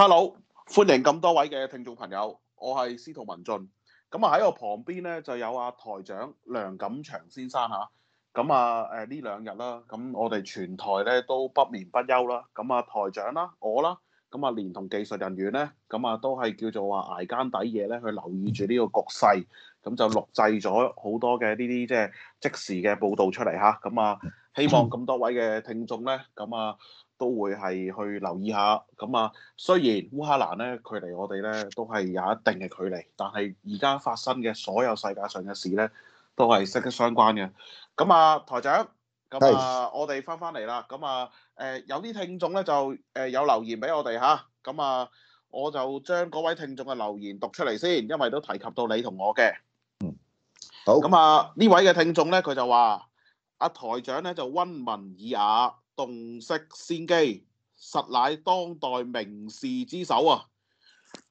hello，歡迎咁多位嘅聽眾朋友，我係司徒文進，咁啊喺我旁邊咧就有阿、啊、台長梁錦祥先生吓，咁啊誒呢兩日啦，咁我哋全台咧都不眠不休啦，咁啊台長啦，我啦，咁啊連同技術人員咧，咁啊都係叫做話捱更抵夜咧去留意住呢個局勢，咁就錄製咗好多嘅呢啲即係即時嘅報道出嚟吓，咁啊希望咁多位嘅聽眾咧，咁啊。都會係去留意下咁啊。雖然烏克蘭咧，距離我哋咧都係有一定嘅距離，但係而家發生嘅所有世界上嘅事咧，都係息息相關嘅。咁啊，台長，咁啊，我哋翻翻嚟啦。咁啊，誒、呃、有啲聽眾咧就誒、呃、有留言俾我哋吓。咁啊，我就將嗰位聽眾嘅留言讀出嚟先，因為都提及到你同我嘅。嗯，好。咁啊，呢位嘅聽眾咧，佢就話：阿、啊、台長咧就温文爾雅。洞悉先機，實乃當代名士之首啊！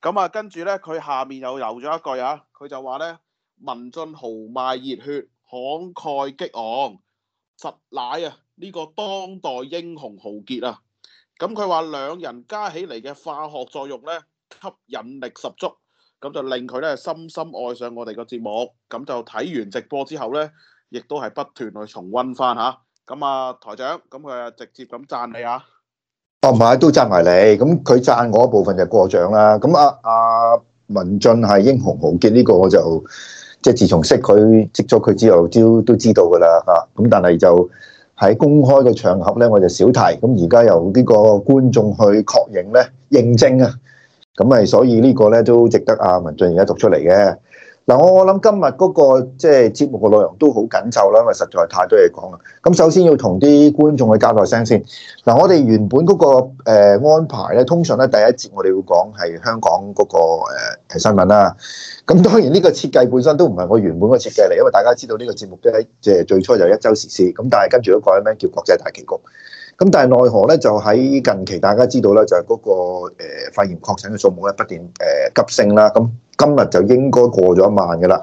咁啊，跟住咧，佢下面又留咗一句啊，佢就話咧：文進豪邁熱血，慷慨激昂，實乃啊呢個當代英雄豪傑啊！咁佢話兩人加起嚟嘅化學作用咧，吸引力十足，咁就令佢咧深深愛上我哋個節目。咁就睇完直播之後咧，亦都係不斷去重温翻嚇。咁啊，台長，咁佢啊直接咁讚你啊？哦、啊，唔係，都讚埋你。咁佢讚我一部分就過獎啦。咁啊，阿、啊、文進係英雄豪傑呢、這個我就即係、就是、自從識佢識咗佢之後都，都都知道噶啦吓。咁、啊、但係就喺公開嘅場合咧，我就少提。咁而家由呢個觀眾去確認咧，認證啊。咁咪所以個呢個咧都值得阿、啊、文進而家讀出嚟嘅。嗱，我我諗今日嗰個即係節目嘅內容都好緊湊啦，因為實在太多嘢講啦。咁首先要同啲觀眾去交代聲先。嗱，我哋原本嗰個呃安排咧，通常咧第一節我哋會講係香港嗰個呃新聞啦。咁當然呢個設計本身都唔係我原本嘅設計嚟，因為大家知道呢個節目咧，即係最初就一週時事咁，但係跟住都改咗名，叫國際大棋局。咁但係奈何咧？就喺近期大家知道啦，就係嗰個誒肺炎確診嘅數目咧不斷誒急升啦。咁今日就應該過咗一萬嘅啦。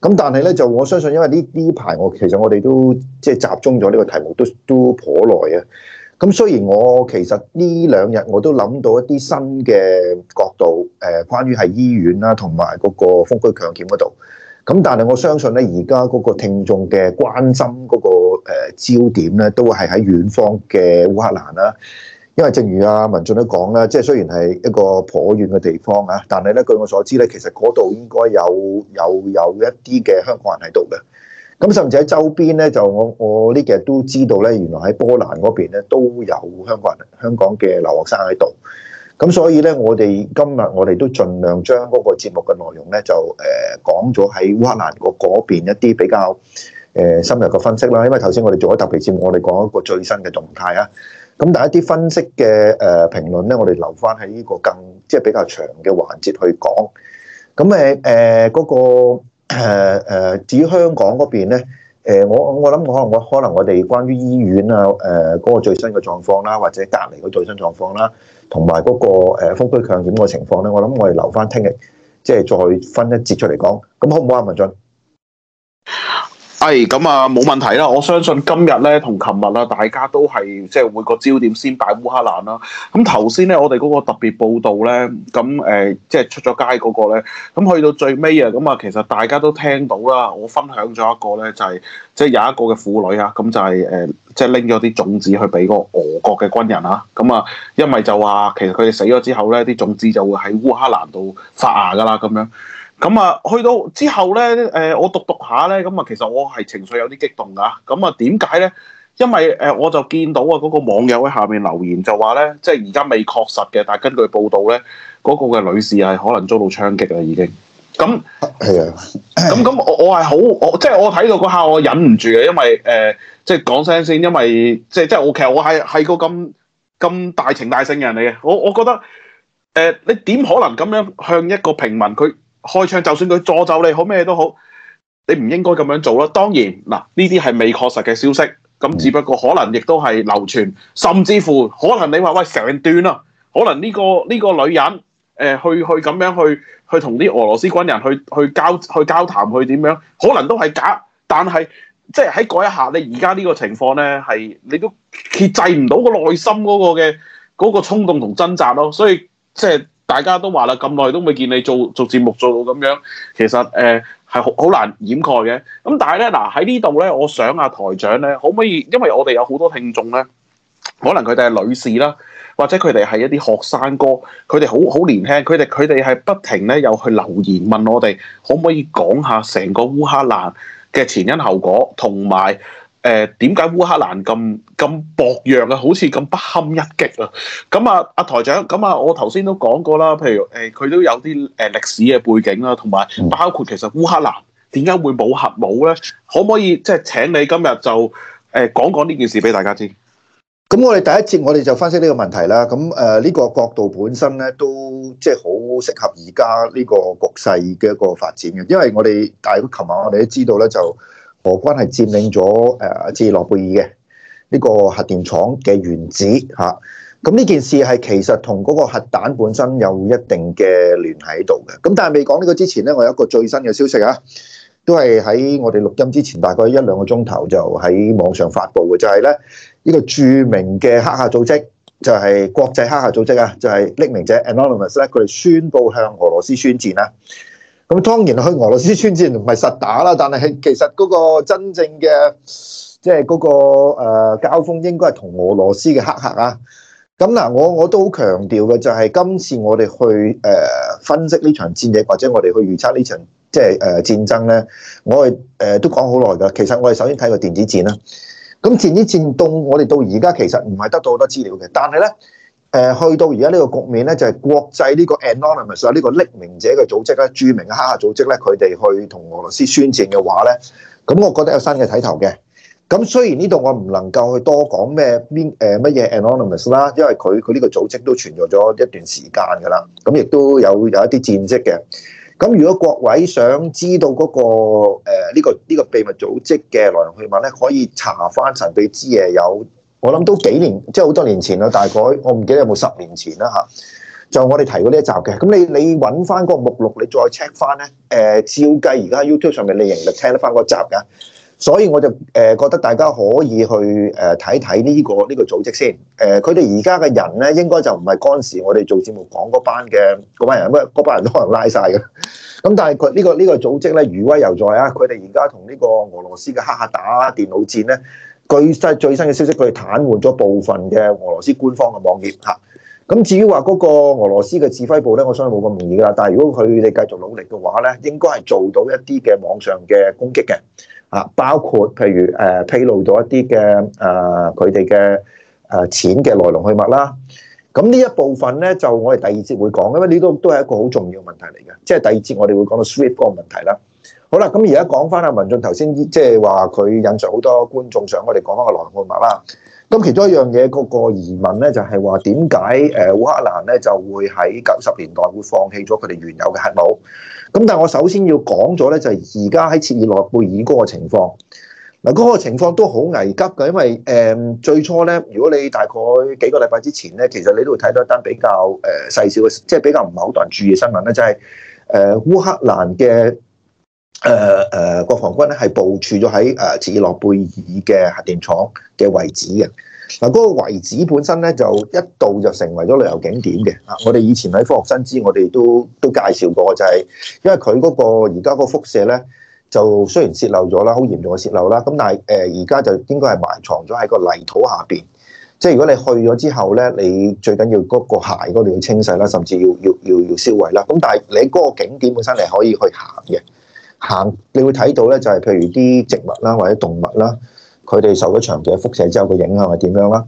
咁但係咧就我相信，因為呢呢排我其實我哋都即係集中咗呢個題目都，都都頗耐啊。咁雖然我其實呢兩日我都諗到一啲新嘅角度，誒關於係醫院啦，同埋嗰個封區強檢嗰度。咁但係我相信咧，而家嗰個聽眾嘅關心嗰個。誒焦點咧，都係喺遠方嘅烏克蘭啦。因為正如阿文進都講啦，即係雖然係一個頗遠嘅地方啊，但係咧據我所知咧，其實嗰度應該有有有一啲嘅香港人喺度嘅。咁甚至喺周邊咧，就我我呢幾日都知道咧，原來喺波蘭嗰邊咧都有香港人、香港嘅留學生喺度。咁所以咧，我哋今日我哋都盡量將嗰個節目嘅內容咧，就誒講咗喺烏克蘭個嗰邊一啲比較。誒深入嘅分析啦，因為頭先我哋做咗特別節目，我哋講一個最新嘅動態啊。咁但係一啲分析嘅誒評論咧，我哋留翻喺呢個更即係比較長嘅環節去講。咁誒誒嗰個誒、呃、至於香港嗰邊咧，誒、呃、我我諗可能我可能我哋關於醫院啊誒嗰個最新嘅狀況啦，或者隔離嘅最新狀況啦，同埋嗰個誒封區強檢嘅情況咧，我諗我哋留翻聽日即係再分一節出嚟講。咁好唔好啊，文進？係咁、哎、啊，冇問題啦！我相信今日咧同琴日啊，大家都係即係每個焦點先擺烏克蘭啦。咁頭先咧，我哋嗰個特別報道咧，咁誒、呃、即係出咗街嗰個咧，咁去到最尾啊，咁啊其實大家都聽到啦，我分享咗一個咧就係、是、即係有一個嘅婦女啊，咁就係、是、誒、呃、即係拎咗啲種子去俾個俄國嘅軍人啊，咁啊，因為就話其實佢哋死咗之後咧，啲種子就會喺烏克蘭度發芽㗎喇，咁樣。咁啊、嗯，去到之後咧，誒、呃，我讀讀下咧，咁啊，其實我係情緒有啲激動噶。咁、嗯、啊，點解咧？因為誒、呃，我就見到啊，嗰個網友喺下面留言就話咧，即係而家未確實嘅，但係根據報道咧，嗰、那個嘅女士係可能遭到槍擊啦，已經。咁係啊，咁咁 我我係好，我即係我睇到嗰下我忍唔住嘅，因為誒、呃，即係講聲先，因為即係即係、okay，我其實我係係個咁咁大情大性人嚟嘅，我我覺得誒、呃，你點可能咁樣向一個平民佢開槍，就算佢助紂你好咩都好，你唔應該咁樣做咯。當然嗱，呢啲係未確實嘅消息，咁只不過可能亦都係流傳，甚至乎可能你話喂，成段啦，可能呢、呢個呢、呢個女人誒、呃，去去咁樣去去同啲俄羅斯軍人去去交去交談去點樣，可能都係假。但係即係喺嗰一下你而家呢個情況咧係你都遏制唔到個內心嗰個嘅嗰、嗰個衝動同掙扎咯，所以即係。就是大家都話啦，咁耐都未見你做做節目做到咁樣，其實誒係好好難掩蓋嘅。咁但係咧，嗱喺呢度咧，我想下、啊、台長咧，可唔可以？因為我哋有好多聽眾咧，可能佢哋係女士啦，或者佢哋係一啲學生哥，佢哋好好年輕，佢哋佢哋係不停咧有去留言問我哋，可唔可以講下成個烏克蘭嘅前因後果同埋？誒點解烏克蘭咁咁薄弱啊？好似咁不堪一擊啊！咁啊，阿台長，咁啊，我頭先都講過啦。譬如誒，佢、欸、都有啲誒歷史嘅背景啦，同埋包括其實烏克蘭點解會冇核武咧？可唔可以即係、就是、請你今日就誒、欸、講講呢件事俾大家知？咁我哋第一節我哋就分析呢個問題啦。咁誒呢個角度本身咧都即係好適合而家呢個局勢嘅一個發展嘅，因為我哋大約琴晚我哋都知道咧就。俄軍係佔領咗切爾諾貝爾嘅呢個核電廠嘅原址嚇。咁、啊、呢件事係其實同嗰個核彈本身有一定嘅聯繫喺度嘅。咁但係未講呢個之前呢，我有一個最新嘅消息啊，都係喺我哋錄音之前大概一兩個鐘頭就喺網上發布嘅，就係、是、呢呢、這個著名嘅黑客組織，就係、是、國際黑客組織啊，就係、是、匿名者 Anonymous 咧，佢哋宣布向俄羅斯宣戰啦。咁當然去俄羅斯村戰唔係實打啦，但係其實嗰個真正嘅即係嗰個交鋒應該係同俄羅斯嘅黑客啊。咁嗱，我我都好強調嘅就係今次我哋去誒分析呢場戰役，或者我哋去預測呢場即係誒戰爭咧，我哋誒都講好耐㗎。其實我哋首先睇個電子戰啦。咁電子戰動，我哋到而家其實唔係得到好多資料嘅，但係咧。誒，去到而家呢個局面咧，就係國際呢個 Anonymous 啊，呢個匿名者嘅組織咧，著名嘅黑客組織咧，佢哋去同俄羅斯宣戰嘅話咧，咁我覺得有新嘅睇頭嘅。咁雖然呢度我唔能夠去多講咩邊誒乜嘢 Anonymous 啦，因為佢佢呢個組織都存在咗一段時間噶啦，咁亦都有有一啲戰績嘅。咁如果各位想知道嗰個誒呢個呢個秘密組織嘅來龍去脈咧，可以查翻神秘之夜有。我諗都幾年，即係好多年前啦，大概我唔記得有冇十年前啦吓。就我哋提過呢一集嘅，咁你你揾翻個目錄，你再 check 翻咧。誒、呃，照計而家 YouTube 上面你仍然聽得翻嗰集噶，所以我就誒、呃、覺得大家可以去誒睇睇呢個呢個組織先。誒、呃，佢哋而家嘅人咧，應該就唔係嗰陣時我哋做節目講嗰班嘅嗰班人，咩嗰班人都可能拉晒噶。咁但係佢呢個呢個組織咧，餘威猶在啊！佢哋而家同呢個俄羅斯嘅黑客打電腦戰咧。最新最新嘅消息，佢哋癱瘓咗部分嘅俄羅斯官方嘅網頁嚇。咁、嗯、至於話嗰個俄羅斯嘅指揮部咧，我相信冇咁容易噶啦。但係如果佢哋繼續努力嘅話咧，應該係做到一啲嘅網上嘅攻擊嘅嚇、啊，包括譬如誒、呃、披露到一啲嘅誒佢哋嘅誒錢嘅來龍去脈啦。咁、嗯、呢一部分咧就我哋第二節會講，因為呢都都係一個好重要嘅問題嚟嘅，即係第二節我哋會講到 Swift 嗰個問題啦。好啦，咁而家講翻阿文進頭先，即係話佢引述好多觀眾想我哋講翻個內容物文啦。咁其中一樣嘢，嗰個疑問咧就係話點解誒烏克蘭咧就會喺九十年代會放棄咗佢哋原有嘅核武？咁但係我首先要講咗咧，就係而家喺切爾諾貝爾嗰個情況。嗱，嗰個情況都好危急嘅，因為誒、嗯、最初咧，如果你大概幾個禮拜之前咧，其實你都會睇到一單比較誒細小嘅，即係比較唔係好多人注意嘅新聞咧，就係誒烏克蘭嘅。誒誒、呃呃，國防軍咧係部署咗喺誒切爾諾貝爾嘅核電廠嘅遺址嘅。嗱，嗰個遺址本身咧就一度就成為咗旅遊景點嘅。啊，我哋以前喺科學新知，我哋都都介紹過，就係因為佢嗰個而家個輻射咧，就雖然洩漏咗啦，好嚴重嘅洩漏啦。咁但係誒而家就應該係埋藏咗喺個泥土下邊。即係如果你去咗之後咧，你最緊要嗰個鞋嗰度要清洗啦，甚至要要要要銷毀啦。咁但係你嗰個景點本身你可以去行嘅。行你會睇到咧，就係譬如啲植物啦，或者動物啦，佢哋受咗長期嘅輻射之後嘅影響係點樣啦。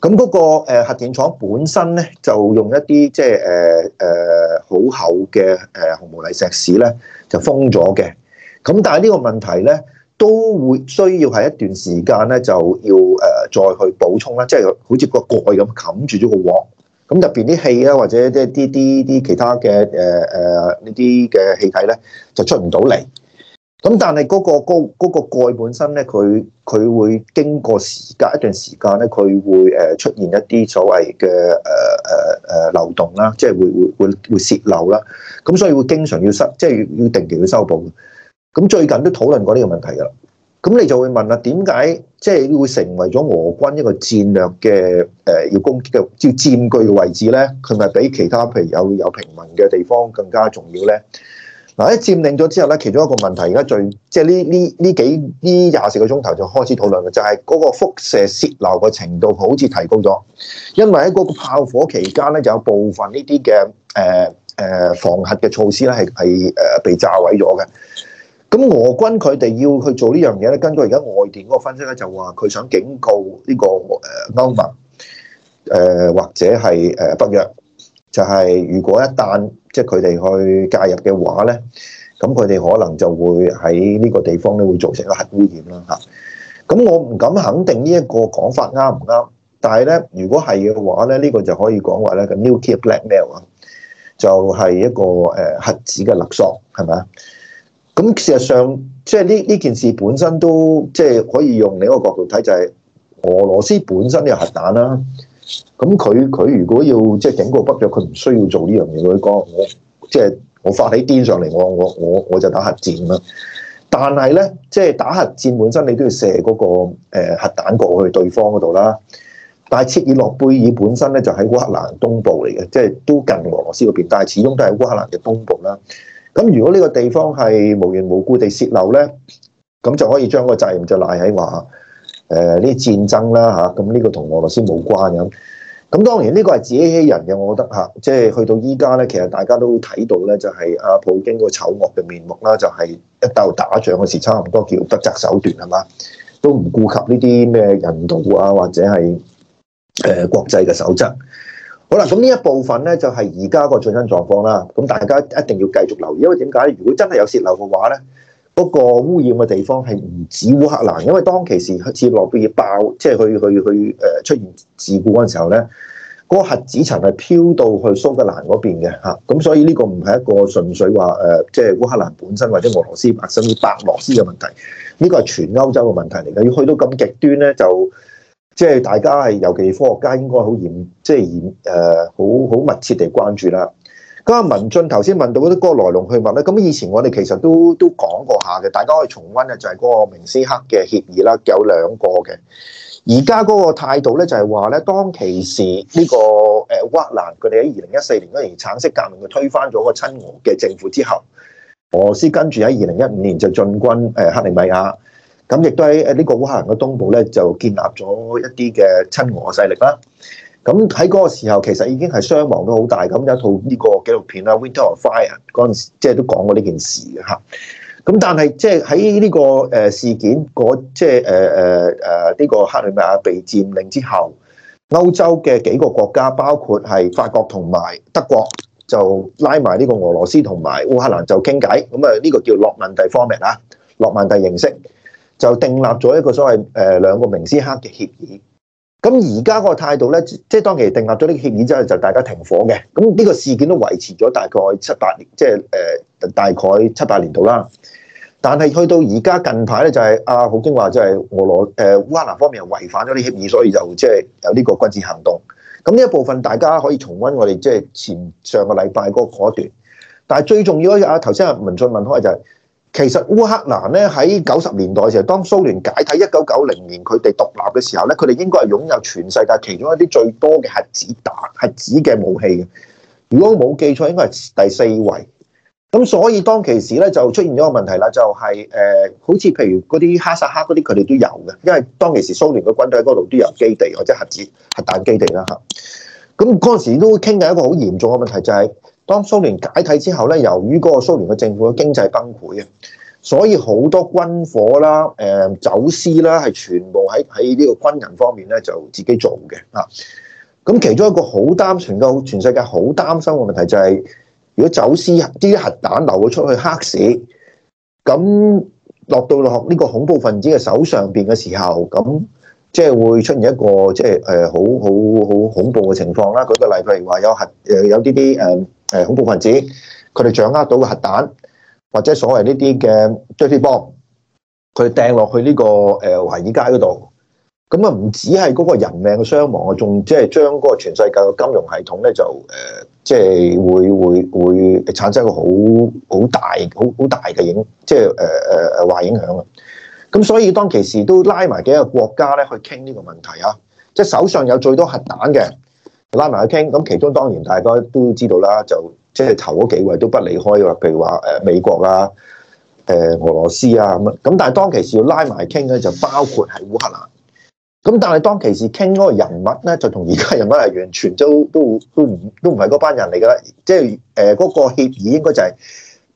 咁嗰個核電廠本身咧，就用一啲即係誒誒好厚嘅誒紅毛泥石屎咧，就封咗嘅。咁但係呢個問題咧，都會需要係一段時間咧，就要誒再去補充啦，即係好似個蓋咁冚住咗個鑊。咁入邊啲氣啊，或者即係啲啲啲其他嘅誒誒呢啲嘅氣體咧，就出唔到嚟。咁但係嗰個嗰嗰個蓋本身咧，佢佢會經過時間一段時間咧，佢會誒出現一啲所謂嘅誒誒誒漏洞啦，即係會會會會洩漏啦。咁所以會經常要收，即係要定期去修補。咁最近都討論過呢個問題噶啦。咁你就會問啦，點解即係會成為咗俄軍一個戰略嘅誒、呃、要攻擊嘅要佔據嘅位置咧？佢咪比其他譬如有有平民嘅地方更加重要咧？嗱、呃，一佔領咗之後咧，其中一個問題而家最即係呢呢呢幾呢廿四個鐘頭就開始討論嘅就係、是、嗰個輻射泄漏嘅程度好似提高咗，因為喺嗰個炮火期間咧就有部分呢啲嘅誒誒防核嘅措施咧係係誒被炸毀咗嘅。咁俄軍佢哋要去做呢樣嘢咧，根據而家外電嗰個分析咧，就話佢想警告呢個誒歐盟誒或者係誒北約，就係如果一旦即係佢哋去介入嘅話咧，咁佢哋可能就會喺呢個地方咧會造成一個核污染啦嚇。咁我唔敢肯定呢一個講法啱唔啱，但係咧如果係嘅話咧，呢個就可以講話咧，咁 Nuclear Blackmail 啊就係一個誒核子嘅勒索係咪？咁事實上，即係呢呢件事本身都即係可以用另一個角度睇，就係俄羅斯本身有核彈啦。咁佢佢如果要即係警告北約，佢唔需要做呢樣嘢。佢講我即係我發起癲上嚟，我我我我就打核戰啦。但係呢，即係打核戰本身，你都要射嗰個誒核彈過去對方嗰度啦。但係切爾諾貝爾本身呢，就喺烏克蘭東部嚟嘅，即係都近俄羅斯嗰邊，但係始終都係烏克蘭嘅東部啦。咁如果呢個地方係無緣無故地洩漏咧，咁就可以將個責任就賴喺話誒啲戰爭啦嚇，咁、啊、呢個同俄羅斯冇關咁。咁、啊、當然呢個係自欺欺人嘅，我覺得嚇，即、啊、係、就是、去到依家咧，其實大家都睇到咧，就係、是、阿、啊、普京個醜惡嘅面目啦，就係、是、一到打仗嘅時，差唔多叫不擇手段係嘛，都唔顧及呢啲咩人道啊，或者係誒、呃、國際嘅守則。好啦，咁呢一部分咧就係而家個最新狀況啦。咁大家一定要繼續留意，因為點解咧？如果真係有泄漏嘅話咧，嗰、那個污染嘅地方係唔止烏克蘭，因為當其時切爾諾貝爾爆，即係去去去誒出現事故嗰陣時候咧，嗰、那個、核子層係飄到去蘇格蘭嗰邊嘅嚇。咁所以呢個唔係一個純粹話誒，即、呃、係、就是、烏克蘭本身或者俄羅斯，白，甚至白羅斯嘅問題。呢、這個係全歐洲嘅問題嚟嘅。要去到咁極端咧，就。即係大家係，尤其科學家應該好嚴，即係嚴誒，好、呃、好密切地關注啦。咁啊，文進頭先問到嗰啲歌來龍去脈咧，咁以前我哋其實都都講過下嘅，大家可以重溫嘅就係嗰個明斯克嘅協議啦，有兩個嘅。而家嗰個態度咧，就係話咧，當其時呢個誒烏蘭佢哋喺二零一四年嗰陣橙色革命佢推翻咗個親俄嘅政府之後，俄羅斯跟住喺二零一五年就進軍誒克里米亞。咁亦都喺誒呢個烏克蘭嘅東部咧，就建立咗一啲嘅親俄勢力啦。咁喺嗰個時候，其實已經係傷亡都好大。咁有套呢個紀錄片啦，《Winter on Fire》嗰陣時，即係都講過呢件事嘅嚇。咁但係即係喺呢個誒事件個即係誒誒誒呢個克里米亞被佔領之後，歐洲嘅幾個國家，包括係法國同埋德國，就拉埋呢個俄羅斯同埋烏克蘭就傾偈。咁啊，呢個叫諾曼第 format 啊，諾曼第形式。就定立咗一個所謂誒兩個明斯克嘅協議，咁而家個態度咧，即、就、係、是、當其定立咗呢個協議之後，就是、大家停火嘅。咁呢個事件都維持咗大概七八年，即係誒大概七八年度啦、就是。但係去到而家近排咧、就是，啊、就係阿普京話就係俄羅誒烏克蘭方面違反咗啲協議，所以就即係有呢個軍事行動。咁呢一部分大家可以重溫我哋即係前上個禮拜嗰個段。但係最重要嘅啊，頭先阿文俊問開就係、是。其實烏克蘭咧，喺九十年代嘅時候，當蘇聯解體，一九九零年佢哋獨立嘅時候咧，佢哋應該係擁有全世界其中一啲最多嘅核子彈、核子嘅武器嘅。如果我冇記錯，應該係第四位。咁所以當其時咧就出現咗個問題啦，就係、是、誒、呃，好似譬如嗰啲哈薩克嗰啲，佢哋都有嘅，因為當其時蘇聯嘅軍隊喺嗰度都有基地或者核子核彈基地啦嚇。咁嗰陣時都會傾緊一個好嚴重嘅問題，就係、是。當蘇聯解體之後咧，由於嗰個蘇聯嘅政府嘅經濟崩潰啊，所以好多軍火啦、誒、嗯、走私啦，係全部喺喺呢個軍人方面咧就自己做嘅啊。咁其中一個好擔心嘅、全世界好擔心嘅問題就係、是，如果走私啲核彈流咗出去黑市，咁落到落呢個恐怖分子嘅手上邊嘅時候，咁即係會出現一個即係誒好好好恐怖嘅情況啦。舉個例，譬如話有核誒有啲啲誒。呃誒恐怖分子，佢哋掌握到嘅核彈，或者所謂呢啲嘅 dirty b o m 佢掟落去呢個誒華爾街嗰度，咁啊唔止係嗰個人命嘅傷亡啊，仲即係將嗰個全世界嘅金融系統咧就誒，即、呃、係、就是、會會會產生一個好好大好好大嘅影，即係誒誒誒壞影響啊！咁所以當其時都拉埋幾個國家咧去傾呢個問題啊，即、就、係、是、手上有最多核彈嘅。拉埋去傾，咁其中當然大家都知道啦，就即係頭嗰幾位都不離開嘅，譬如話誒美國啦，啊，誒俄羅斯啊咁。咁但係當其時要拉埋傾咧，就包括係烏克蘭。咁但係當其時傾嗰個人物咧，就同而家人物係完全都都都唔都唔係嗰班人嚟噶啦。即係誒嗰個協議應該就係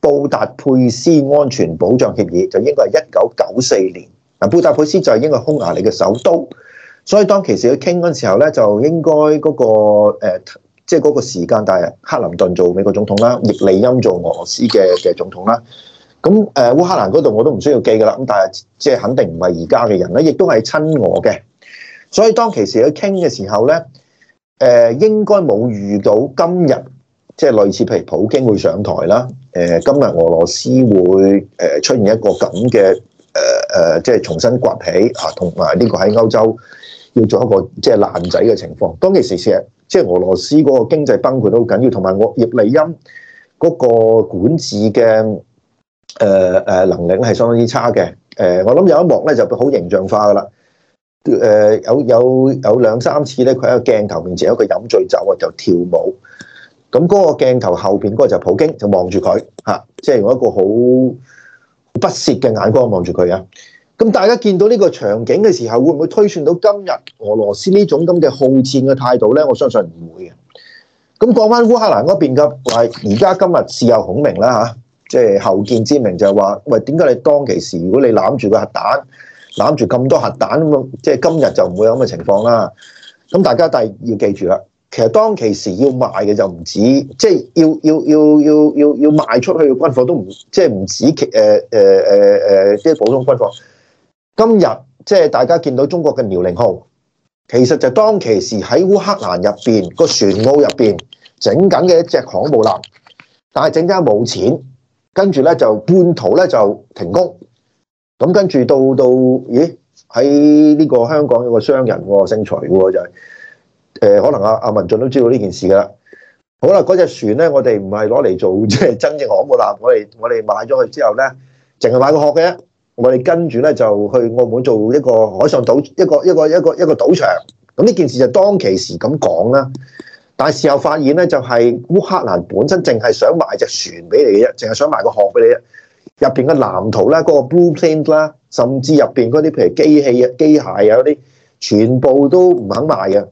布達佩斯安全保障協議，就應該係一九九四年。嗱，布達佩斯就係應該匈牙利嘅首都。所以當其時佢傾嗰陣時候咧，就應該嗰、嗰個即係嗰個時間，但係克林頓做美國總統啦，葉利欽做俄羅斯嘅嘅總統啦。咁、呃、誒烏克蘭嗰度我都唔需要記噶啦。咁但係即係肯定唔係而家嘅人咧，亦都係親俄嘅。所以當其時佢傾嘅時候咧，誒、呃、應該冇遇到今日，即、就、係、係、類似譬如普京會上台啦。誒、呃、今日俄羅斯會誒出現一個咁嘅誒誒，即係重新崛起嚇，同埋呢個喺歐洲。要做一個即係爛仔嘅情況。當其時其實即係俄羅斯嗰個經濟崩潰都好緊要，同埋我葉利欽嗰個管治嘅誒誒能力係相當之差嘅。誒，我諗有一幕咧就好形象化噶啦。誒，有有有兩三次咧，佢喺個鏡頭面前，有佢飲醉酒啊，就跳舞。咁嗰個鏡頭後邊嗰個就普京，就望住佢嚇，即係用一個好不屑嘅眼光望住佢啊！咁大家見到呢個場景嘅時候，會唔會推算到今日俄羅斯呢種咁嘅好戰嘅態度呢？我相信唔會嘅。咁講翻烏克蘭嗰邊嘅，喂，而家今日事有孔明啦吓，即係後見之明就係話，喂，點解你當其時如果你攬住個核彈，攬住咁多核彈咁，即係今日就唔會有咁嘅情況啦。咁大家但係要記住啦，其實當其時要賣嘅就唔止，即、就、係、是、要要要要要要賣出去嘅軍火都唔即係唔止其誒誒誒即係普通軍火。今日即係大家見到中國嘅遼寧號，其實就當其時喺烏克蘭入邊個船塢入邊整緊嘅一隻航母艦，但係整緊冇錢，跟住咧就半途咧就停工。咁跟住到到咦喺呢個香港有個商人、哦，星財嘅、哦、就係、是、誒、呃，可能阿、啊、阿文進都知道呢件事噶啦。好啦，嗰隻船咧，我哋唔係攞嚟做即係真正航母艦，我哋我哋買咗佢之後咧，淨係買個殼嘅。我哋跟住咧就去澳門做一個海上賭，一個一個一個一個賭場。咁呢件事就當其時咁講啦。但係事後發現咧，就係、是、烏克蘭本身淨係想賣隻船俾你嘅啫，淨係想賣個殼俾你。入邊嘅藍圖咧，嗰、那個 blueprint 啦，甚至入邊嗰啲譬如機器啊、機械啊嗰啲，全部都唔肯賣嘅。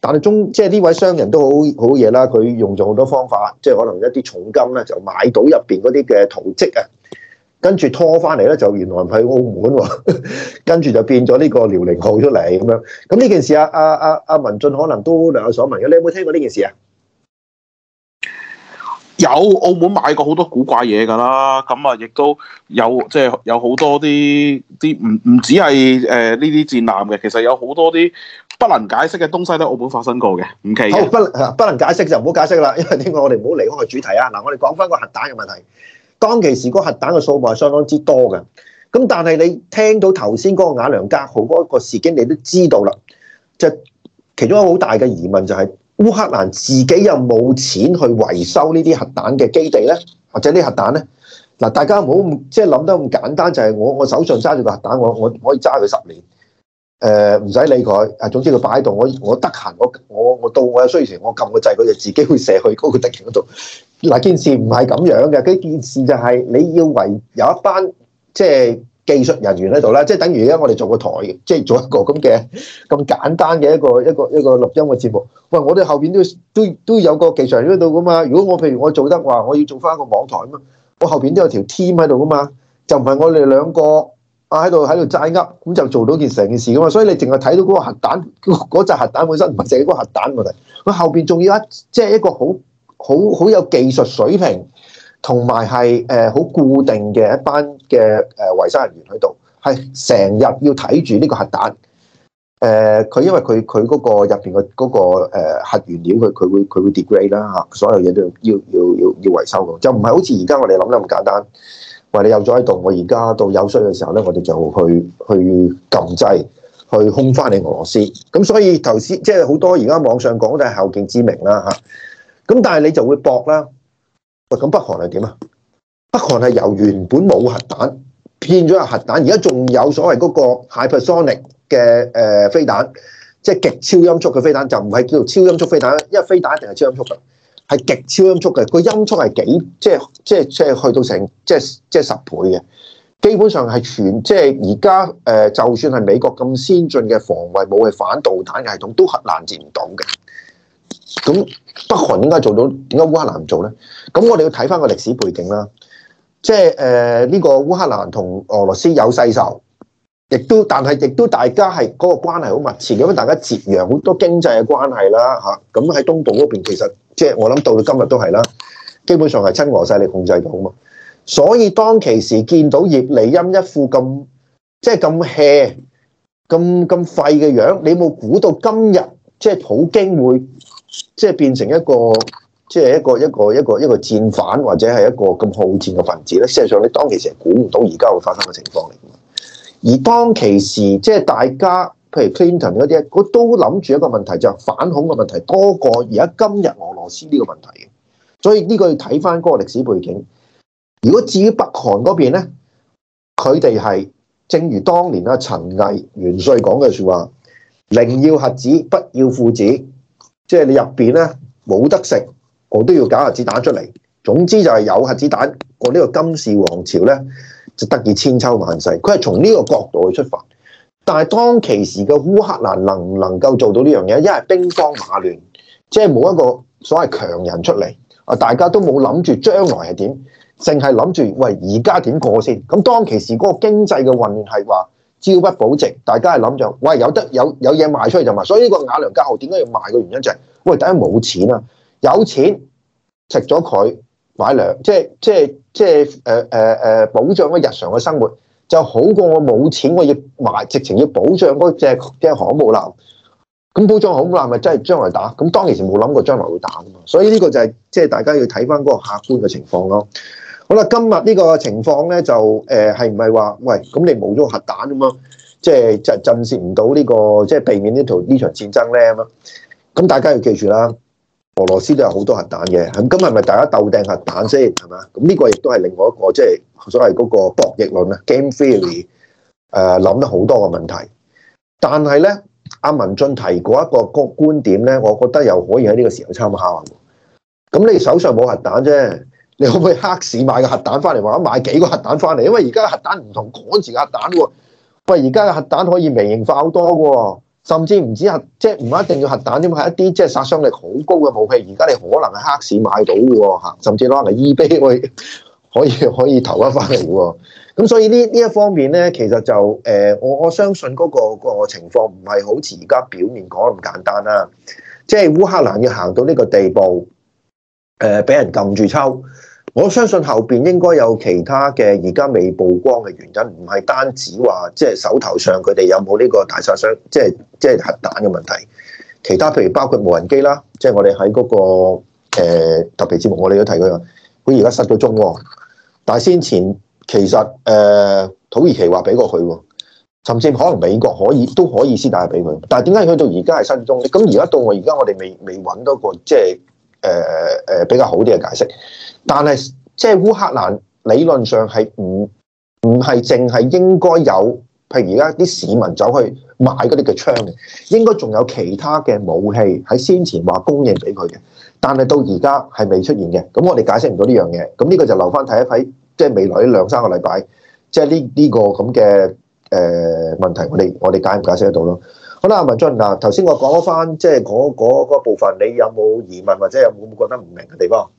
但係中即係呢位商人都好好嘢啦，佢用咗好多方法，即係可能一啲重金咧就買到入邊嗰啲嘅圖蹟啊。跟住拖翻嚟咧，就原來唔喺澳門喎，啊，跟 住就變咗呢個遼寧號出嚟咁樣。咁呢件事，阿阿阿阿文進可能都略有所聞嘅。你有冇聽過呢件事啊？啊啊有，有，有，事啊有澳門買過好多古怪嘢噶啦，咁啊，亦都有即係、就是、有好多啲啲唔唔止係誒呢啲戰艦嘅，其實有好多啲不能解釋嘅東西喺澳門發生過嘅，唔奇嘅。不不，不能解釋就唔好解釋啦，因為點講，我哋唔好離開個主題啊。嗱，我哋講翻個核彈嘅問題。當其時嗰核彈嘅數目係相當之多嘅，咁但係你聽到頭先嗰個瓦良格號嗰個事件，你都知道啦。就係、其中一個好大嘅疑問就係、係，烏克蘭自己又冇錢去維修呢啲核彈嘅基地咧，或者呢啲核彈咧？嗱，大家唔好即係諗得咁簡單，就係、係、我我手上揸住個核彈，我我可以揸佢十年，誒唔使理佢。啊，總之佢擺喺度，我我得閒我我我到我有需要時，我撳個掣，佢就自己會射去嗰個敵人嗰度。嗱，件事唔係咁樣嘅，嗰件事就係你要為有一班即係技術人員喺度啦，即係等於而家我哋做個台，即係做一個咁嘅咁簡單嘅一個一個一個錄音嘅節目。喂，我哋後邊都都都，都有個技術人員喺度噶嘛。如果我譬如我做得話，我要做翻個網台啊嘛，我後邊都有條 team 喺度噶嘛，就唔係我哋兩個啊喺度喺度齋噏，咁就做到件成件事噶嘛。所以你淨係睇到嗰個核彈嗰隻、嗰個嗰個、核彈本身唔係成個核彈問題，佢後邊仲要一即係一個好。好好有技術水平，同埋係誒好固定嘅一班嘅誒維修人員喺度，係成日要睇住呢個核彈。誒、呃、佢因為佢佢嗰個入邊嘅嗰個核原料，佢佢會佢會 degrade 啦嚇，所有嘢都要要要要維修嘅，就唔係好似而家我哋諗得咁簡單。話你有咗喺度，我而家到有需嘅時候咧，我哋就去去撳掣去空翻你俄羅斯。咁所以頭先即係好多而家網上講都係後見之明啦嚇。咁但係你就會搏啦。喂，咁北韓係點啊？北韓係由原本冇核彈變咗有核彈，而家仲有所謂嗰個 hypersonic 嘅誒飛彈，即係極超音速嘅飛彈，就唔係叫做超音速飛彈，因為飛彈一定係超音速嘅，係極超音速嘅，個音速係幾即係即係即係去到成即係即係十倍嘅，基本上係全即係而家誒，就算係美國咁先進嘅防衞武嘅反導彈系統都攔截唔到嘅。咁北韓點解做到？點解烏克蘭唔做咧？咁我哋要睇翻個歷史背景啦。即係誒呢個烏克蘭同俄羅斯有世仇，亦都但係亦都大家係嗰、那個關係好密切嘅。咁樣大家接壤好多經濟嘅關係啦，嚇、啊。咁喺東道嗰邊其實即係、就是、我諗到到今日都係啦，基本上係親俄勢力控制到啊嘛。所以當其時見到葉利欽一副咁即係咁 hea 咁咁廢嘅樣，你冇估到今日即係普京會？即係變成一個，即係一,一個一個一個一個戰犯，或者係一個咁好戰嘅分子咧。事實上，你當其時係估唔到而家會發生嘅情況嚟。而當其時，即係大家，譬如 Clinton 嗰啲，都諗住一個問題，就係反恐嘅問題多過而家今日俄羅斯呢個問題。所以呢個要睇翻嗰個歷史背景。如果至於北韓嗰邊咧，佢哋係正如當年阿陳毅元帥講嘅說話：寧要核子，不要父子。即係你入邊咧冇得食，我都要搞核子彈出嚟。總之就係有核子彈，我呢個金氏王朝咧就得以千秋萬世。佢係從呢個角度去出發。但係當其時嘅烏克蘭能唔能夠做到呢樣嘢？因為兵荒馬亂，即係冇一個所謂強人出嚟啊！大家都冇諗住將來係點，淨係諗住喂而家點過先。咁當其時嗰個經濟嘅運係話。朝不保值，大家係諗著，喂有得有有嘢賣出去就賣，所以呢個瓦良格號點解要賣嘅原因就係、是，喂，大家冇錢啦、啊，有錢食咗佢買糧，即係即係即係誒誒誒保障嗰日常嘅生活就好過我冇錢我要賣，直情要保障嗰隻航空母艦。咁保障航空母艦咪真係將來打，咁當其時冇諗過將來會打噶嘛，所以呢個就係、是、即係大家要睇翻嗰個客觀嘅情況咯。好啦，今日呢個情況咧，就誒係唔係話喂？咁你冇咗核彈啊嘛？即係即係震懾唔到呢個，即係避免呢條呢場戰爭咧啊嘛？咁大家要記住啦，俄羅斯都有好多核彈嘅。咁今日係咪大家鬥掟核彈先？係咪？咁呢個亦都係另外一個即係所謂嗰個博弈論啊，game theory，呃，誒諗得好多個問題，但係咧，阿文進提過一個個觀點咧，我覺得又可以喺呢個時候參考下。咁你手上冇核彈啫。你可唔可以黑市買個核彈翻嚟？或者買幾個核彈翻嚟？因為而家核彈唔同嗰陣時核彈喎。喂，而家嘅核彈可以微型化好多嘅，甚至唔止核，即係唔一定要核彈，添，係一啲即係殺傷力好高嘅武器。而家你可能係黑市買到嘅，甚至攞嚟 eBay 可以可以可以投一翻嚟喎。咁所以呢呢一方面咧，其實就誒，我我相信嗰個個情況唔係好似而家表面講咁簡單啦。即係烏克蘭要行到呢個地步，誒，俾人撳住抽。我相信後邊應該有其他嘅，而家未曝光嘅原因，唔係單止話即係手頭上佢哋有冇呢個大殺傷，即係即係核彈嘅問題。其他譬如包括無人機啦，即係我哋喺嗰個特別節目，我哋都提佢，佢而家失咗蹤喎。但係先前其實誒土耳其話俾過佢喎，甚至可能美國可以都可以先，帶俾佢。但係點解去到而家係失蹤？咁而家到我而家，我哋未未搵到個即係。就是誒誒，比較好啲嘅解釋，但係即係烏克蘭理論上係唔唔係淨係應該有，譬如而家啲市民走去買嗰啲嘅槍嘅，應該仲有其他嘅武器喺先前話供應俾佢嘅，但係到而家係未出現嘅，咁我哋解釋唔到呢樣嘢，咁呢個就留翻睇一睇，即係未來兩三個禮拜，即係呢呢個咁嘅誒問題，我哋我哋解唔解釋得到咯？好啦，文俊嗱，頭先我講翻即係嗰嗰部分，你有冇疑問或者有冇覺得唔明嘅地方？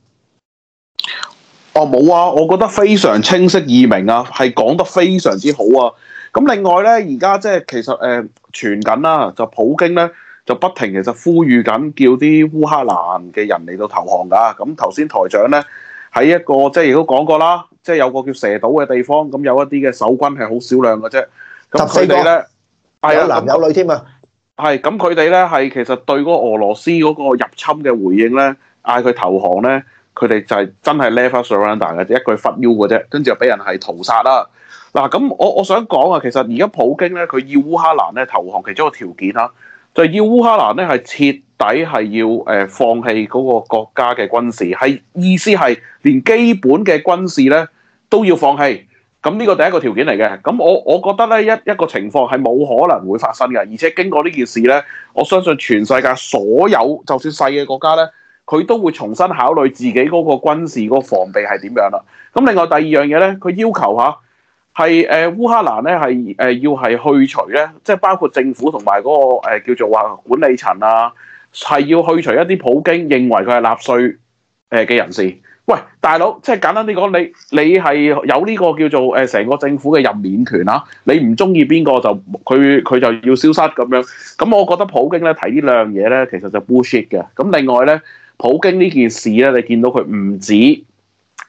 哦、啊，冇啊，我覺得非常清晰易明啊，係講得非常之好啊。咁、啊、另外咧，而家即係其實誒，傳緊啦，就普京咧就不停其實呼籲緊叫啲烏克蘭嘅人嚟到投降噶。咁頭先台長咧喺一個即係都講過啦，即係有個叫蛇島嘅地方，咁有一啲嘅守軍係好少量嘅啫。咁佢哋咧，係有男有女添啊！係咁，佢哋咧係其實對嗰俄羅斯嗰個入侵嘅回應咧，嗌佢投降咧，佢哋就係真係 level surrender 嘅，即係一句忽悠嘅啫，跟住就俾人係屠殺啦。嗱，咁我我想講啊，其實而家普京咧，佢要烏克蘭咧投降其中一個條件啦，就係要烏克蘭咧係徹底係要誒放棄嗰個國家嘅軍事，係意思係連基本嘅軍事咧都要放棄。咁呢個第一個條件嚟嘅，咁我我覺得呢一一個情況係冇可能會發生嘅，而且經過呢件事呢，我相信全世界所有就算細嘅國家呢，佢都會重新考慮自己嗰個軍事個防備係點樣啦。咁另外第二樣嘢呢，佢要求吓係誒烏克蘭呢係誒、呃、要係去除呢，即係包括政府同埋嗰個、呃、叫做話管理層啊，係要去除一啲普京認為佢係納粹嘅、呃、人士。喂，大佬，即係簡單啲講，你你係有呢個叫做誒成、呃、個政府嘅任免權啦，你唔中意邊個就佢佢就要消失咁樣。咁我覺得普京咧睇呢兩樣嘢咧，其實就 bullshit 嘅。咁另外咧，普京呢件事咧，你見到佢唔止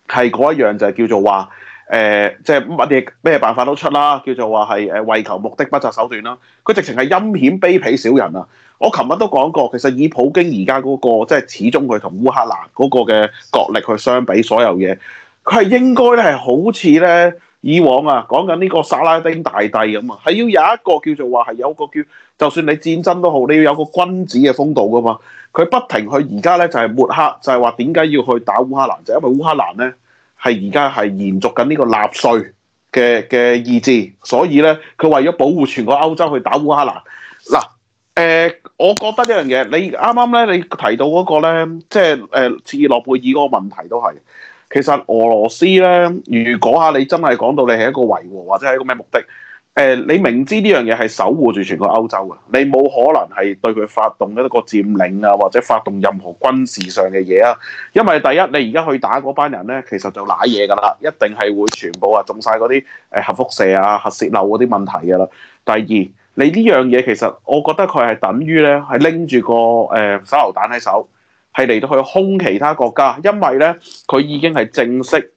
係嗰一樣，就係叫做話。誒、呃，即係乜嘢咩辦法都出啦，叫做話係誒為求目的不擇手段啦。佢直情係陰險卑鄙小人啊！我琴日都講過，其實以普京而家嗰個即係始終佢同烏克蘭嗰個嘅角力去相比，所有嘢佢係應該咧係好似咧以往啊，講緊呢個薩拉丁大帝咁啊，係要有一個叫做話係有個叫就算你戰爭都好，你要有個君子嘅風度噶嘛。佢不停去而家咧就係、係、抹黑，就係話點解要去打烏克蘭？就係、因為烏克蘭咧。係而家係延續緊呢個納粹嘅嘅意志，所以咧佢為咗保護全個歐洲去打烏克蘭。嗱，誒、呃，我覺得一樣嘢，你啱啱咧你提到嗰個咧，即係誒切爾諾貝爾嗰個問題都係，其實俄羅斯咧，如果下、啊、你真係講到你係一個維和或者係一個咩目的？誒，你明知呢樣嘢係守護住全個歐洲嘅，你冇可能係對佢發動一個佔領啊，或者發動任何軍事上嘅嘢啊。因為第一，你而家去打嗰班人呢，其實就揦嘢噶啦，一定係會全部啊中晒嗰啲核輻射啊、核泄漏嗰啲問題噶啦。第二，你呢樣嘢其實我覺得佢係等於呢，係拎住個誒、呃、手榴彈喺手，係嚟到去兇其他國家。因為呢，佢已經係正式，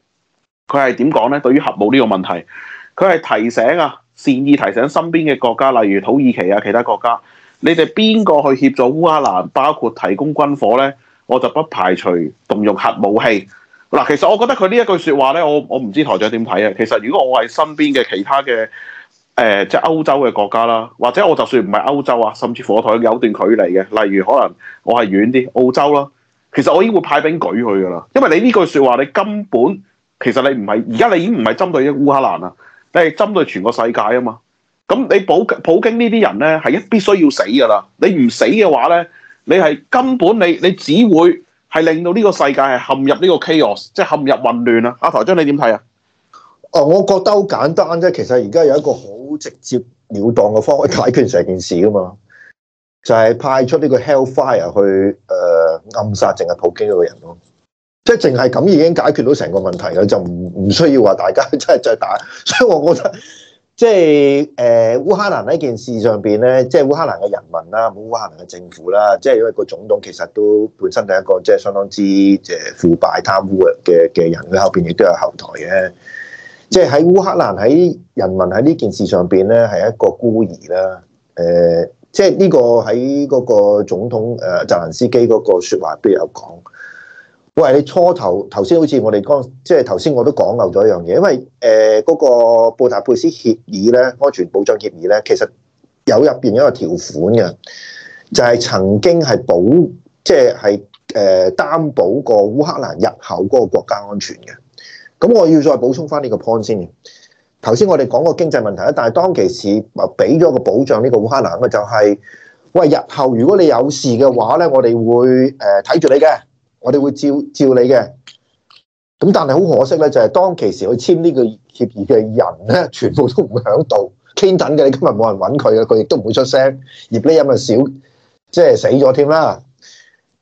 佢係點講呢？對於核武呢個問題，佢係提醒啊。善意提醒身邊嘅國家，例如土耳其啊，其他國家，你哋邊個去協助烏克蘭，包括提供軍火呢？我就不排除動用核武器。嗱，其實我覺得佢呢一句説話呢，我我唔知台長點睇啊。其實如果我係身邊嘅其他嘅誒、呃，即係歐洲嘅國家啦，或者我就算唔係歐洲啊，甚至乎我仲有段距離嘅，例如可能我係遠啲澳洲啦，其實我已經會派兵舉佢噶啦。因為你呢句説話，你根本其實你唔係而家你已經唔係針對於烏克蘭啦。你係針對全個世界啊嘛，咁你普普京呢啲人咧係必須要死㗎啦，你唔死嘅話咧，你係根本你你只會係令到呢個世界係陷入呢個 chaos，即係陷入混亂啊！阿台長你點睇啊？啊，啊我覺得好簡單啫，其實而家有一個好直接了當嘅方法解決成件事㗎嘛，就係、是、派出呢個 Hellfire 去誒、呃、暗殺淨係普京呢個人咯。即係淨係咁已經解決到成個問題嘅，就唔唔需要話大家真係再打。 所以我覺得即係誒烏克蘭呢件事上邊咧，即係烏克蘭嘅人民啦，烏克蘭嘅政府啦，即係因為個總統其實都本身係一個即係相當之誒腐敗貪污嘅嘅人，佢後邊亦都有後台嘅。即係喺烏克蘭喺人民喺呢件事上邊咧，係一個孤兒啦。誒、呃，即係呢個喺嗰個總統誒澤連斯基嗰個説話都有講。喂，你初頭頭先好似我哋剛，即係頭先我都講漏咗一樣嘢，因為誒嗰個布達佩斯協議咧，安全保障協議咧，其實有入邊一個條款嘅，就係、是、曾經係保，即係係誒擔保過烏克蘭日後嗰個國家安全嘅。咁我要再補充返呢個 point 先。頭先我哋講個經濟問題啦，但係當其時話俾咗個保障呢個烏克蘭嘅就係、是，喂日後如果你有事嘅話咧，我哋會誒睇住你嘅。我哋會照照你嘅。咁但係好可惜咧，就係當其時佢簽呢個協議嘅人咧，全部都唔喺度傾緊嘅。你今日冇人揾佢嘅，佢亦都唔會出聲。葉呢，欣、就、啊、是，少即係死咗添啦。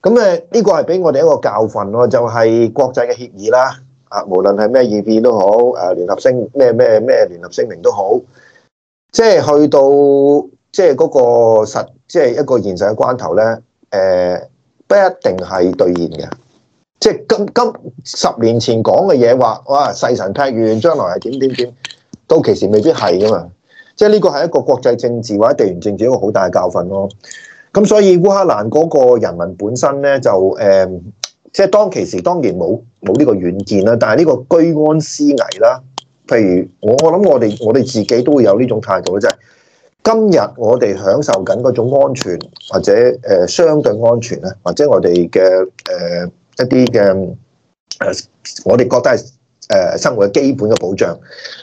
咁誒，呢個係俾我哋一個教訓咯，就係、是、國際嘅協議啦。啊，無論係咩意 B 都好，誒，聯合聲明咩咩咩聯合聲明都好，即、就、係、是、去到即係嗰個實，即、就、係、是、一個現實嘅關頭咧，誒、呃。不一定係兌現嘅，即係今今十年前講嘅嘢話，哇！世神太遠，將來係點點點？到其時未必係噶嘛？即係呢個係一個國際政治或者地緣政治一個好大嘅教訓咯。咁所以烏克蘭嗰個人民本身咧，就誒、嗯，即係當其時當然冇冇呢個遠見啦。但係呢個居安思危啦，譬如我我諗我哋我哋自己都會有呢種態度，即係、就係。今日我哋享受緊嗰種安全，或者誒、呃、相對安全咧，或者我哋嘅誒一啲嘅、呃，我哋覺得係誒、呃、生活嘅基本嘅保障。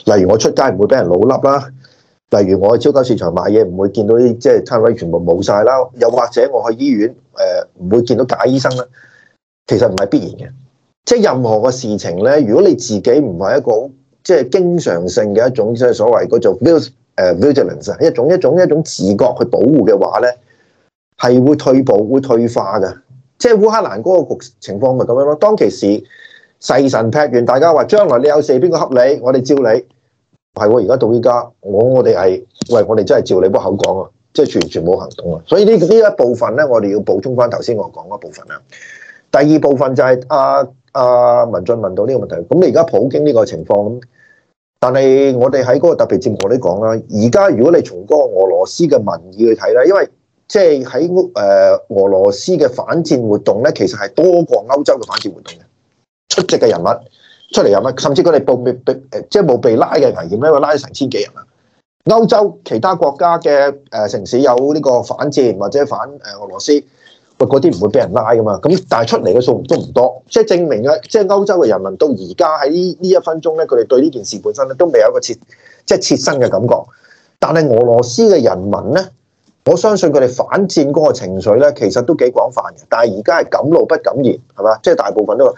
例如我出街唔會俾人老笠啦，例如我去超級市場買嘢唔會見到啲即係攤位全部冇晒啦，又或者我去醫院誒唔、呃、會見到假醫生啦。其實唔係必然嘅，即係任何嘅事情咧，如果你自己唔係一個即係經常性嘅一種即係所謂嗰種。誒 vigilance 一種一種一種自覺去保護嘅話咧，係會退步會退化嘅。即係烏克蘭嗰個局情況咪咁樣咯。當其時細神劈完，大家話將來你有事邊個恰你，我哋照你係喎。而家到依家，我我哋係喂，我哋真係照你不口講啊，即係全全冇行動啊。所以呢呢一部分咧，我哋要補充翻頭先我講嗰部分啊。第二部分就係阿阿文進問到呢個問題，咁你而家普京呢個情況但係我哋喺嗰個特別節目我哋講啦，而家如果你從嗰個俄羅斯嘅民意去睇咧，因為即係喺誒俄羅斯嘅反戰活動咧，其實係多過歐洲嘅反戰活動嘅。出席嘅人物出嚟人物，甚至佢哋被被誒即係被拉嘅危險咧，因為拉成千幾人啊。歐洲其他國家嘅誒城市有呢個反戰或者反誒俄羅斯。嗰啲唔會俾人拉噶嘛，咁但係出嚟嘅數目都唔多，即係證明啊！即係歐洲嘅人民到而家喺呢呢一分鐘咧，佢哋對呢件事本身咧都未有一個切即係切身嘅感覺。但係俄羅斯嘅人民咧，我相信佢哋反戰嗰個情緒咧，其實都幾廣泛嘅。但係而家係敢怒不敢言，係嘛？即係大部分都。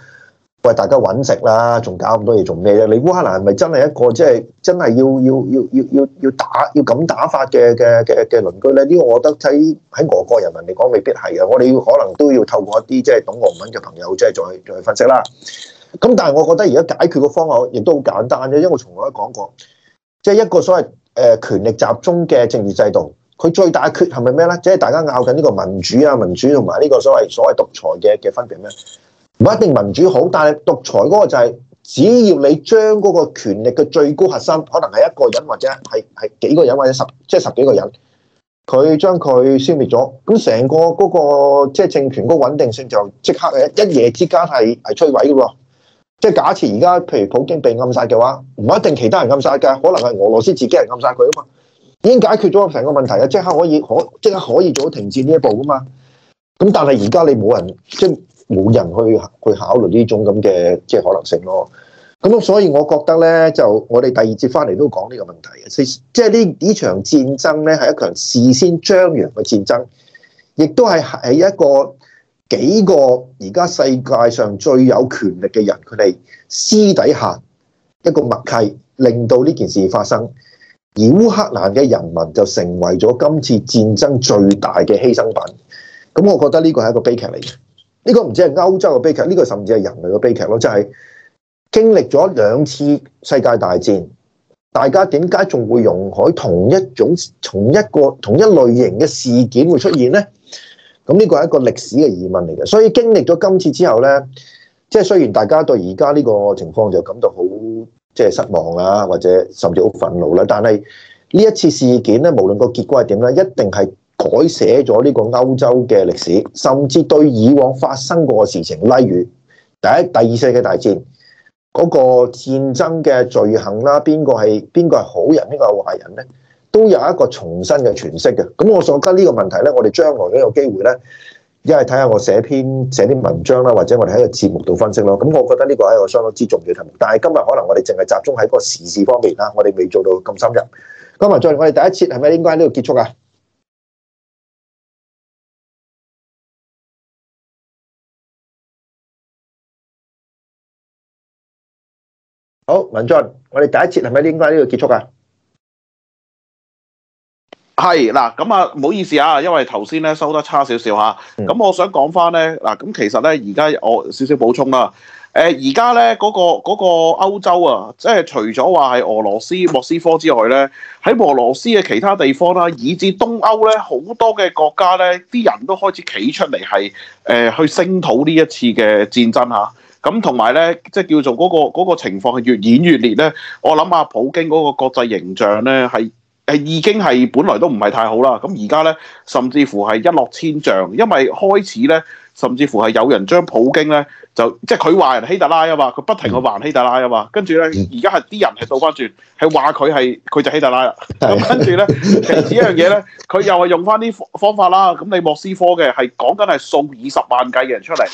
喂，大家揾食啦，仲搞咁多嘢做咩啫？你烏克蘭係咪真係一個即係真係要要要要要要打要咁打法嘅嘅嘅嘅鄰居咧？呢個我覺得喺喺俄國人民嚟講未必係啊！我哋要可能都要透過一啲即係懂俄文嘅朋友即係再再分析啦。咁但係我覺得而家解決嘅方案亦都好簡單啫，因為我從來都講過，即係一個所謂誒權力集中嘅政治制度，佢最大嘅缺陷係咩咧？即係大家拗緊呢個民主啊、民主同埋呢個所謂所謂獨裁嘅嘅分別咩？唔一定民主好，但係獨裁嗰個就係，只要你將嗰個權力嘅最高核心，可能係一個人或者係係幾個人或者十即係、就是、十幾個人，佢將佢消滅咗，咁成個嗰、那個即係、就是、政權嗰個穩定性就即刻一夜之間係係摧毀嘅喎。即係假設而家譬如普京被暗殺嘅話，唔一定其他人暗殺噶，可能係俄羅斯自己人暗殺佢啊嘛。已經解決咗成個問題啦，即刻可以可即刻可以做到停戰呢一步噶嘛。咁但係而家你冇人即冇人去去考慮呢種咁嘅即係可能性咯。咁所以我覺得呢，就我哋第二節翻嚟都講呢個問題啊。即係呢呢場戰爭呢，係一場事先張揚嘅戰爭，亦都係喺一個幾個而家世界上最有權力嘅人，佢哋私底下一個默契，令到呢件事發生。而烏克蘭嘅人民就成為咗今次戰爭最大嘅犧牲品。咁我覺得呢個係一個悲劇嚟嘅。呢個唔止係歐洲嘅悲劇，呢個甚至係人類嘅悲劇咯，就係經歷咗兩次世界大戰，大家點解仲會容許同一種、同一個、同一類型嘅事件會出現呢？咁呢個係一個歷史嘅疑問嚟嘅。所以經歷咗今次之後呢，即係雖然大家對而家呢個情況就感到好即係失望啊，或者甚至好憤怒啦，但係呢一次事件呢，無論個結果係點呢，一定係，改寫咗呢個歐洲嘅歷史，甚至對以往發生過嘅事情，例如第一、第二世界大戰嗰、那個戰爭嘅罪行啦，邊個係邊個係好人，邊個係壞人咧，都有一個重新嘅詮釋嘅。咁我覺得呢個問題咧，我哋將來都有機會咧，看看一係睇下我寫篇寫啲文章啦，或者我哋喺個節目度分析咯。咁我覺得呢個係一個相當之重要嘅題目。但係今日可能我哋淨係集中喺個時事方面啦，我哋未做到咁深入。咁啊，再嚟我哋第一節係咪應該喺呢度結束啊？好，文俊，我哋第一節係咪應該呢度結束啊？係嗱，咁啊，唔好意思啊，因為頭先咧收得差少少吓，咁、嗯、我想講翻咧嗱，咁其實咧，而家我少少補充啦，誒、呃，而家咧嗰個嗰個歐洲啊，即係除咗話係俄羅斯莫斯科之外咧，喺俄羅斯嘅其他地方啦，以至東歐咧，好多嘅國家咧，啲人都開始企出嚟係誒去聲討呢一次嘅戰爭吓。咁同埋咧，即係叫做嗰個嗰個情況係越演越烈咧。我諗下普京嗰個國際形象咧，係係已經係本來都唔係太好啦。咁而家咧，甚至乎係一落千丈，因為開始咧，甚至乎係有人將普京咧就即係佢話人希特拉啊嘛，佢不停去話希特拉啊嘛。跟住咧，而家係啲人係倒翻轉，係話佢係佢就希特拉啦。咁 跟住咧， 其實一樣嘢咧，佢又係用翻啲方法啦。咁你莫斯科嘅係講緊係數以十萬計嘅人出嚟。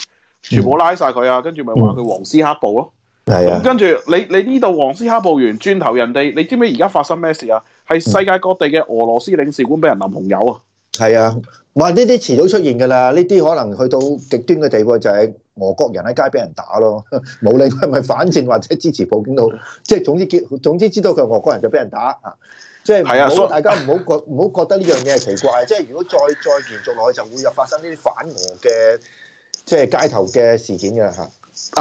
全部拉晒佢啊！跟住咪話佢黃絲黑暴咯，係啊！跟住你你呢度黃絲黑暴完，轉頭人哋，你知唔知而家發生咩事啊？係世界各地嘅俄羅斯領事館俾人淋紅油啊！係啊，哇！呢啲遲早出現㗎啦，呢啲可能去到極端嘅地步就係俄國人喺街俾人打咯，冇理佢係咪反正或者支持普京都即係總之結之知道佢係俄國人就俾人打啊！即係唔好大家唔好覺唔好覺得呢樣嘢係奇怪，即係如果再再延續落去就會有發生呢啲反俄嘅。即係街頭嘅事件嘅嚇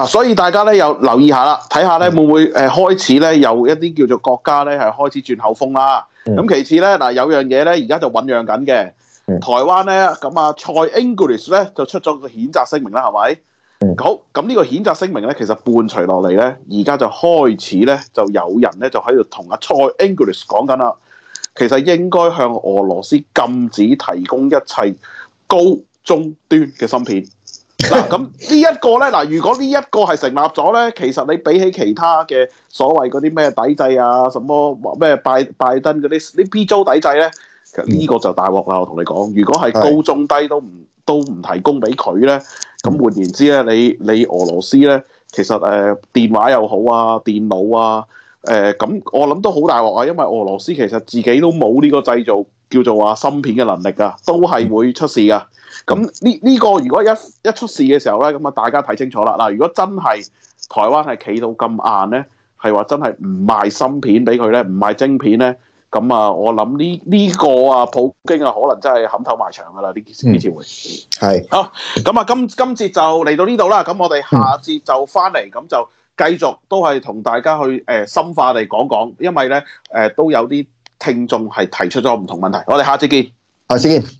啊，所以大家咧又留意下啦，睇下咧會唔會誒開始咧有一啲叫做國家咧係開始轉口風啦。咁其次咧嗱，有樣嘢咧而家就醖釀緊嘅台灣咧咁啊，蔡 English 咧就出咗個譴責聲明啦，係咪？好，咁呢個譴責聲明咧，其實伴隨落嚟咧，而家就開始咧就有人咧就喺度同阿蔡 English 講緊啦。其實應該向俄羅斯禁止提供一切高中端嘅芯片。嗱咁呢一個咧，嗱如果呢一個係成立咗咧，其實你比起其他嘅所謂嗰啲咩抵制啊，什麼咩拜拜登嗰啲 B 組抵制咧，其實呢個就大鑊啦，我同你講。如果係高中低都唔都唔提供俾佢咧，咁換言之咧，你你俄羅斯咧，其實誒、呃、電話又好啊，電腦啊，誒、呃、咁我諗都好大鑊啊，因為俄羅斯其實自己都冇呢個製造叫做話芯片嘅能力啊，都係會出事噶。咁呢呢個如果一一出事嘅時候咧，咁啊大家睇清楚啦！嗱，如果真係台灣係企到咁硬咧，係話真係唔賣芯片俾佢咧，唔賣晶片咧，咁啊，我諗呢呢個啊，普京啊，可能真係冚頭埋牆噶啦呢呢次會。係是。好，咁啊，今今節就嚟到呢度啦。咁我哋下節就翻嚟，咁、嗯、就繼續都係同大家去誒、呃、深化地講講，因為咧誒、呃、都有啲聽眾係提出咗唔同問題。我哋下次見。下次見。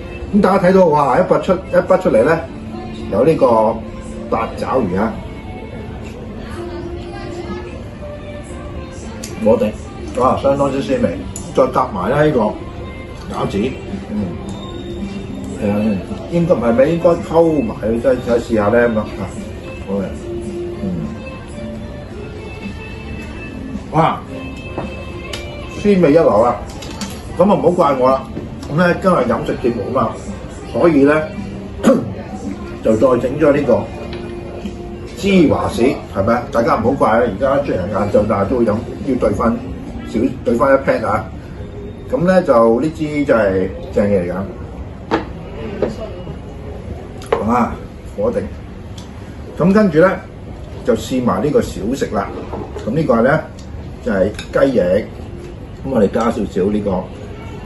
大家睇到我下筆出一筆出嚟咧，有呢個八爪魚啊，我哋相當之鮮味，再夾埋咧呢個餃子，嗯，誒應該唔係咩，應該溝埋，再試下呢。好嘅，哇，鮮味一流啊，咁啊唔好怪我啦。咁咧今日飲食節目啊嘛，所以咧就再整咗呢個芝華士係咪啊？大家唔好怪啦，而家出嚟晏晝，但係都要飲，要兌翻少兌翻一 pat 啊！咁咧就呢支就係正嘢嚟㗎。你啊！好啊，火定。咁跟住咧就試埋呢個小食啦。咁呢個咧就係係雞翼。咁我哋加少少呢個。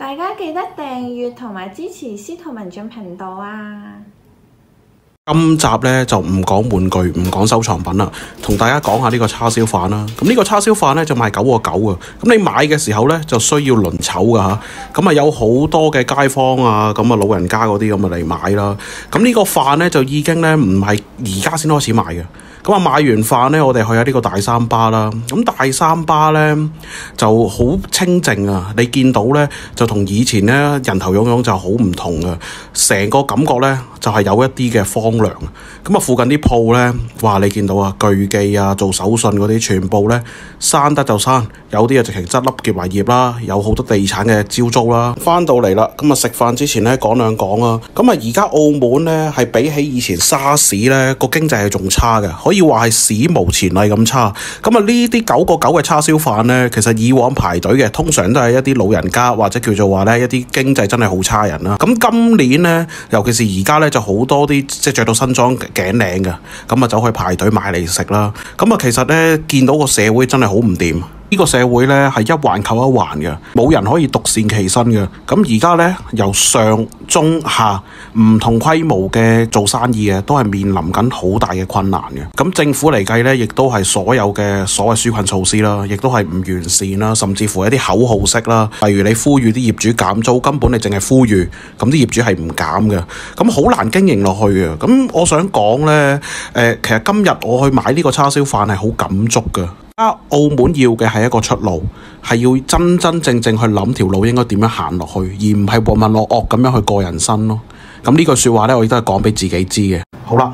大家記得訂閱同埋支持司徒文進頻道啊！今集咧就唔講玩具，唔講收藏品啦，同大家講下呢個叉燒飯啦。咁呢個叉燒飯咧就賣九個九啊。咁你買嘅時候咧就需要輪籌噶吓。咁啊有好多嘅街坊啊，咁啊老人家嗰啲咁啊嚟買啦。咁呢個飯咧就已經咧唔係而家先開始賣嘅。咁啊，買完飯呢，我哋去下呢個大三巴啦。咁大三巴呢就好清靜啊，你見到呢就同以前呢人頭湧湧就好唔同啊。成個感覺呢就係、是、有一啲嘅荒涼。咁啊，附近啲鋪呢，哇，你見到啊，巨記啊，做手信嗰啲，全部呢，閂得就閂，有啲啊直情執笠結埋業啦，有好多地產嘅招租啦。翻到嚟啦，咁啊食飯之前呢，講兩講啊。咁啊，而家澳門呢，係比起以前沙士呢個經濟係仲差嘅。可以話係史無前例咁差，咁啊呢啲九個九嘅叉燒飯呢，其實以往排隊嘅通常都係一啲老人家或者叫做話呢一啲經濟真係好差人啦。咁今年呢，尤其是而家呢，就好多啲即係著到新裝頸領嘅，咁啊走去排隊買嚟食啦。咁啊其實呢，見到個社會真係好唔掂。呢個社會呢，係一環扣一環嘅，冇人可以獨善其身嘅。咁而家呢，由上中下唔同規模嘅做生意呀都係面臨緊好大嘅困難嘅。咁、嗯、政府嚟計呢，亦都係所有嘅所謂紓困措施啦，亦都係唔完善啦，甚至乎一啲口號式啦。例如你呼籲啲業主減租，根本你淨係呼籲，咁啲業主係唔減嘅，咁、嗯、好難經營落去嘅。咁、嗯、我想講呢、呃，其實今日我去買呢個叉燒飯係好感觸㗎。而家澳門要嘅係一個出路，係要真真正正去諗條路應該點樣行落去，而唔係渾渾噩噩咁樣去過人生咯。咁呢句說話呢，我亦都係講俾自己知嘅。好啦，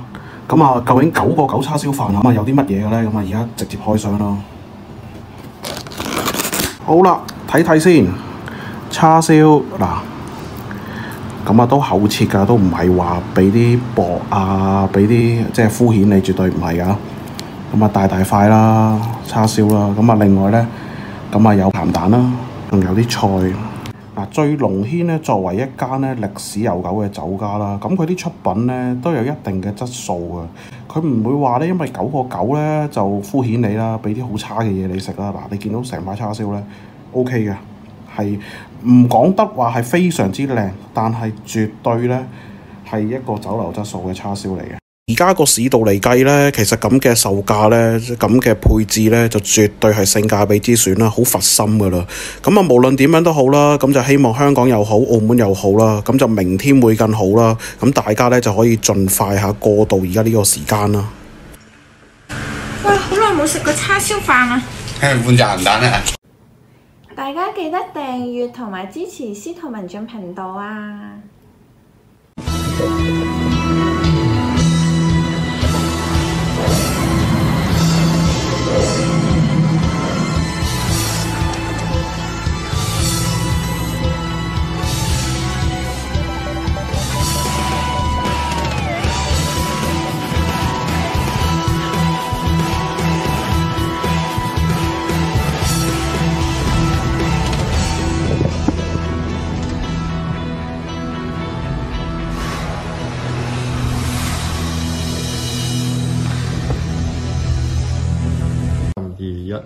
咁啊，究竟九個九叉燒飯盒啊，有啲乜嘢嘅呢？咁啊，而家直接開箱咯。好啦，睇睇先，叉燒嗱，咁啊都厚切噶，都唔係話俾啲薄啊，俾啲即係敷衍你，絕對唔係噶。咁啊大大塊啦，叉燒啦，咁啊另外呢，咁啊有鹹蛋啦，仲有啲菜。嗱，啊，醉龍軒咧，作為一間咧歷史悠久嘅酒家啦，咁佢啲出品呢，都有一定嘅質素嘅，佢唔會話呢，因為九個九呢，就敷衍你啦，俾啲好差嘅嘢你食啦。嗱，啊，你見到成塊叉燒呢，OK 嘅，係唔講得話係非常之靚，但係絕對呢，係一個酒樓質素嘅叉燒嚟嘅。而家個市道嚟計呢，其實咁嘅售價呢，咁嘅配置呢，就絕對係性價比之選啦，好佛心噶啦。咁啊，無論點樣都好啦，咁就希望香港又好，澳門又好啦，咁就明天會更好啦。咁大家呢，就可以盡快下過渡而家呢個時間啦。喂，好耐冇食過叉燒飯啊！大家記得訂閱同埋支持司徒文進頻道啊！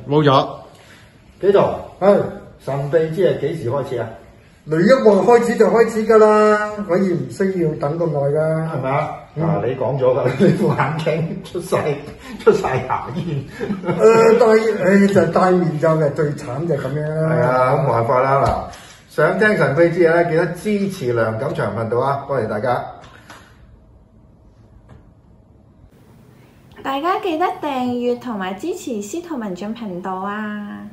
冇有幾多度？唉、哎，神秘之夜幾時開始啊？雷一望開始就開始噶啦，可以唔需要等咁耐噶，係咪、嗯、啊？嗱， 你講咗噶，你副眼鏡出晒，出晒牙煙。誒、呃，戴誒、哎、就戴、是、面罩嘅 最慘就咁樣。係啊，冇辦法啦嗱。想聽神秘之夜咧，記得支持梁錦祥頻道啊，多謝大家。大家記得訂閱同埋支持司徒文進頻道啊！